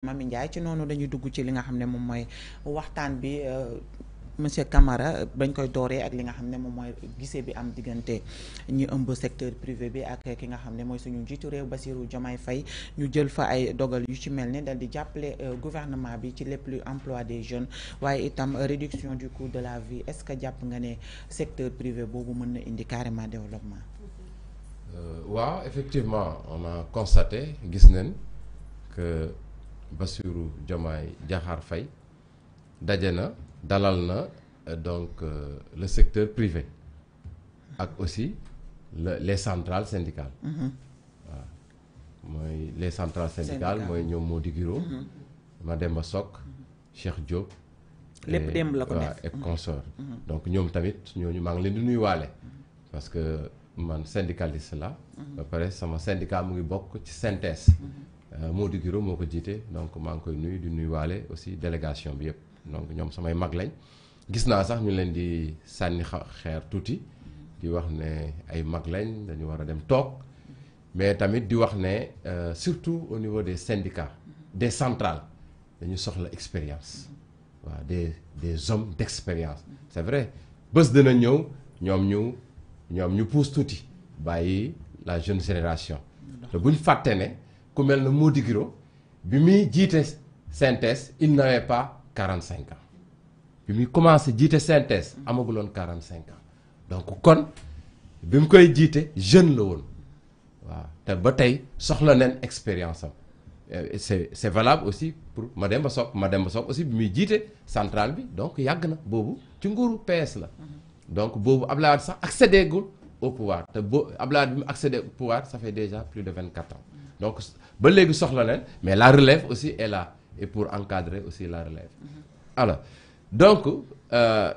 Mami Ndiaye ci noonu dañuy dugg ci li nga xam mom moy mooy waxtaan bi euh, monsieur Camara bañ koy dooree ak li nga xam mom moy mooy gisee bi am diganté ñu ëmb secteur privé bi ak ki nga xam moy suñu njiitu rew Basirou Jomay Fay ñu jël fa ay dogal yu ci melni dal di jàppale euh, gouvernement bi ci lépp plus emploi des jeunes waye itam réduction du coût de la vie est-ce que japp nga né secteur privé bobu mëna na indi carrément développement. Euh, wa effectivement on a constaté gis nañ que. Bassirou Diomaye Diakhar Faye dalalna Dalalna, euh, donc euh, le secteur privé ak aussi les centrales syndicales. Mhm. les centrales syndicales moy ñom modi Guiro. Mhm. Mademba Sock. Cheikh Diop. lepp dem la ko def et mhm. consort donc ñom tamit ñooñu maa ngi leen di nuyuwaale. parce que man syndicaliste la ba sama syndicat mu ngi bok ci synthèse. Euh, Modou Guiro moo ko donc maa ngi koy nuyu di walé aussi délégation bi yëpp donc ñom samay mag lañ gis na sax ñu leen di sanni xeer tuuti di wax né ay mag lañ dañu wara dem tok mais tamit di wax né euh, surtout au niveau des syndicats des centrales dañu soxla expérience wa des des hommes d'expérience c'est vrai bés dina ñëw ñom ñu ñom ñu pousse tuuti bàyyi la jeune génération te buñ faté né ku mel na dit bi muy jiite synthèse il n'avait pas 45 ans bi muy commencé jiite synthèse amaguloon 45 ans donc kon bi mu koy jiite jeune la woon waaw te ba tey soxla neen expérience euh, c'est valable aussi pour Mme Sock Mademba Sock aussi bi muy jiite centrale bi donc yàgg a boobu ci nguuru PS la donc boobu Abdoulaye sax accédé au pouvoir te bo Abdoulaye accédé au pouvoir ça fait déjà plus de 24 ans donc ba légui soxla leen mais la relève aussi est là et pour encadrer aussi la relève mhm. alors donc euh,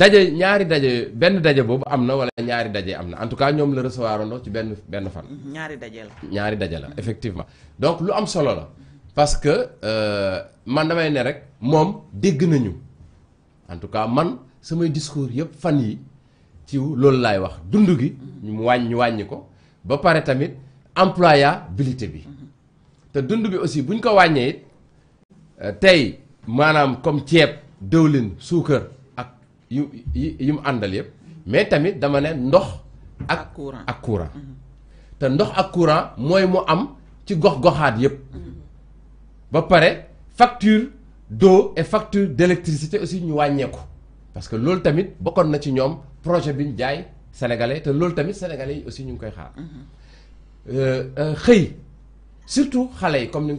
dajé ñaari dajé ben dajé bobu amna wala ñaari dajé amna en tout cas ñom le recevoir ondo ci ben ben fan. Mhm, ñaari daje la. ñaari daje la effectivement donc lu am solo la parce que euh, man damay né rek mom dégg nañu en tout cas man samay discours yépp fan yi ci lool lay wax dundu gi. Mhm. ñu wàññi wañ ko ba paré tamit. employabilité bi te dund bi aussi buñ ko wàññee it euh, tey maanaam comme ceeb dëwlin suukar ak yu yu mu àndal yëpp mais tamit dama ne ndox ak courant ak courant mhm. te ndox ak courant mooy mu am ci gox-goxaat yëpp mhm. ba pare facture do et facture d'électricité aussi ñu wàññeeku parce que loolu tamit bokkoon na ci ñoom projet bi ñu jaay sénégalais te loolu tamit sénégalais yi aussi ñu ngi koy xaar mhm. Euh, euh, xëy surtout xale comme ni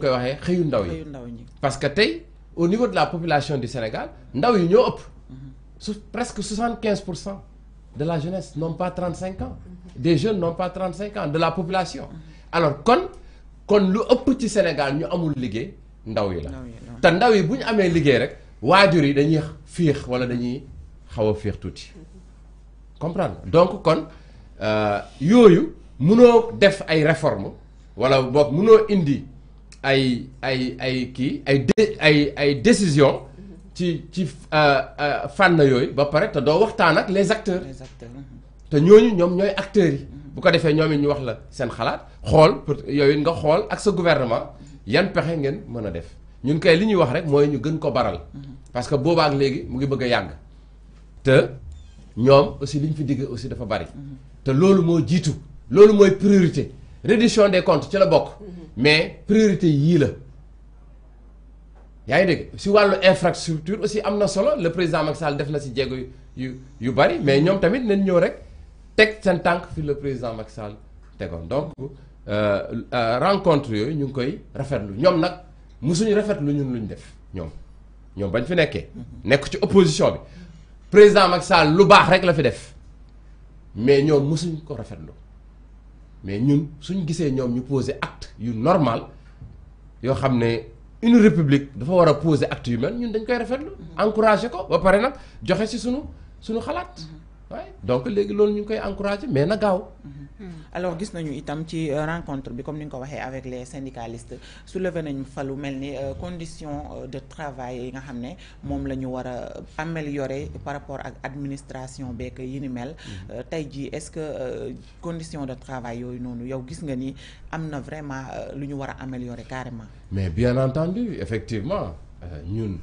parce que au niveau de la population du Sénégal ndaw mhm. presque 75% de la jeunesse n'ont pas 35 ans mhm. des jeunes n'ont pas 35 ans de la population alors kon kon lu ëpp Sénégal ñu amul liggéey ndaw yi la te ndaw yi bu ñu amee rek waajur dañuy fiix wala dañuy xaw fiix mhm. comprendre donc kon euh, munoo def ay réforme wala boog munoo indi ay ay ay kii ay ay ay décision ci ci euh, euh, fànn yooyu ba pare te doo waxtaan ak les acteurs. les mhm. te ñooñu ñoom ñooy acteurs yi. Mhm. bu ko defee ñoom ñu wax la seen xalaat xool pour yooyu nga xool ak sa gouvernement yan pexe ngeen mën a def ñun kay li ñuy wax rek mooy ñu gën ko baral. Mhm. parce que boobaak léegi mu ngi bëgg a yàgg. te ñoom aussi li ñu fi digg aussi dafa bari. te loolu moo jiitu loolu mooy priorité reddition des comptes ci la bokk mhm. mais priorité yii la yaa ngi dégg si wàllu infrastructure aussi am na solo le président Macky Sall def na si jéego yu yu bari mais ñoom tamit nañ ñëw rek teg seen tànk fi le président Macky Sall tegoon donc euh, euh, rencontre yooyu ñu ngi koy rafetlu ñoom nag musuñu rafetlu ñun luñ def ñoom ñoom bañ fi nekkee mhm. nekk ci opposition bi président Macky Sall lu baax rek la fi def mais ñoom musuñ ko rafetlu mais ñun suñu gisee ñoom ñu poser acte yu normal yoo xam ne une république dafa war a poser acte yu mel ñun dañ koy rafetlu encouragé ko ba pare nag joxe ci suñu suñu xalaat waaye mm-hmm. donc léegi loolu ñu ngi koy encouragé mais na gaaw mm-hmm. alors gis nañu itam ci euh, rencontre bi comme ni nga ko avec les syndicalistes soulever nañu fa lu mel euh, conditions euh, de travail yi nga xamné mom lañu wara améliorer par rapport ak administration beek yi ni mel mm-hmm. Tay ji est-ce que conditions de travail yooyu nonu yow gis nga ni amna vraiment lu ñu améliorer carrément mais bien entendu effectivement ñun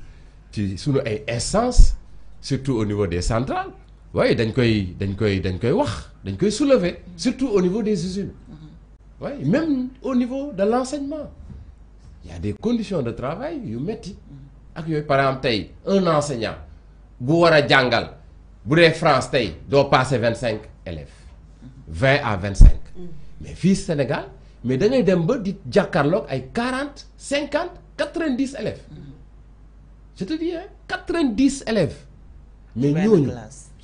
ci sunu ay essence surtout au niveau des centrales oui, d'un coup, d'un d'un d'un soulever, surtout au niveau des usines. Mm-hmm. Oui, même au niveau de l'enseignement. Il y a des conditions de travail, vous mettez. Mm-hmm. Par exemple, un enseignant, vous Djangal, en France, doit passer 25 élèves. 20 mm-hmm. à 25. Mais fils Sénégal, mais d'un dit Djakarlok, il y a 40, 50, 90 élèves. Je te dis, hein, 90 élèves. Mais nous,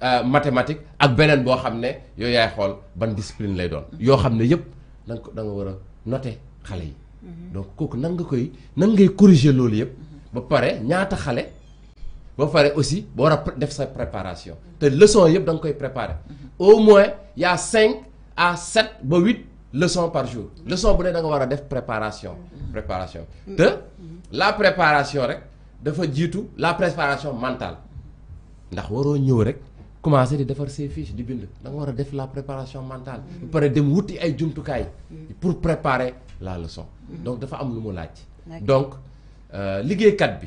Euh, Mathématiques ak benen bo yo ya yay ban discipline lay doon mm-hmm. yo xamné yépp da nga mm-hmm. donc kooku nang nga koy nang ngay corriger mm-hmm. ba pare ñaata xalé ba aussi bo sa préparation té leçon yépp da koy préparer au moins y a cinq à 7 ba 8 leçons par jour leçon bu né da nga préparation préparation la préparation rek du tout, la préparation mentale ndax commencé de faire say fiches di bind D'abord, nga war la préparation mentale. ba pare dem wuti ay jumtukaay. pour préparer la leçon. donc dafa am lu mu laaj. donc euh, liggéeykat bi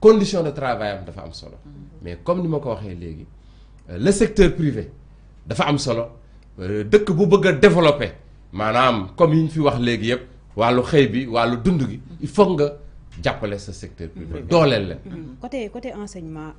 condition de travail am dafa am solo. mais comme ni ma ko waxee léegi euh, le secteur privé dafa am solo euh, dëkk bu bëgg a développer maanaam comme yi ñu fi wax léegi yëpp wàllu xëy bi wàllu gi il faut nga jàppale ce secteur privé dooleel la. Mm. côté côté enseignement.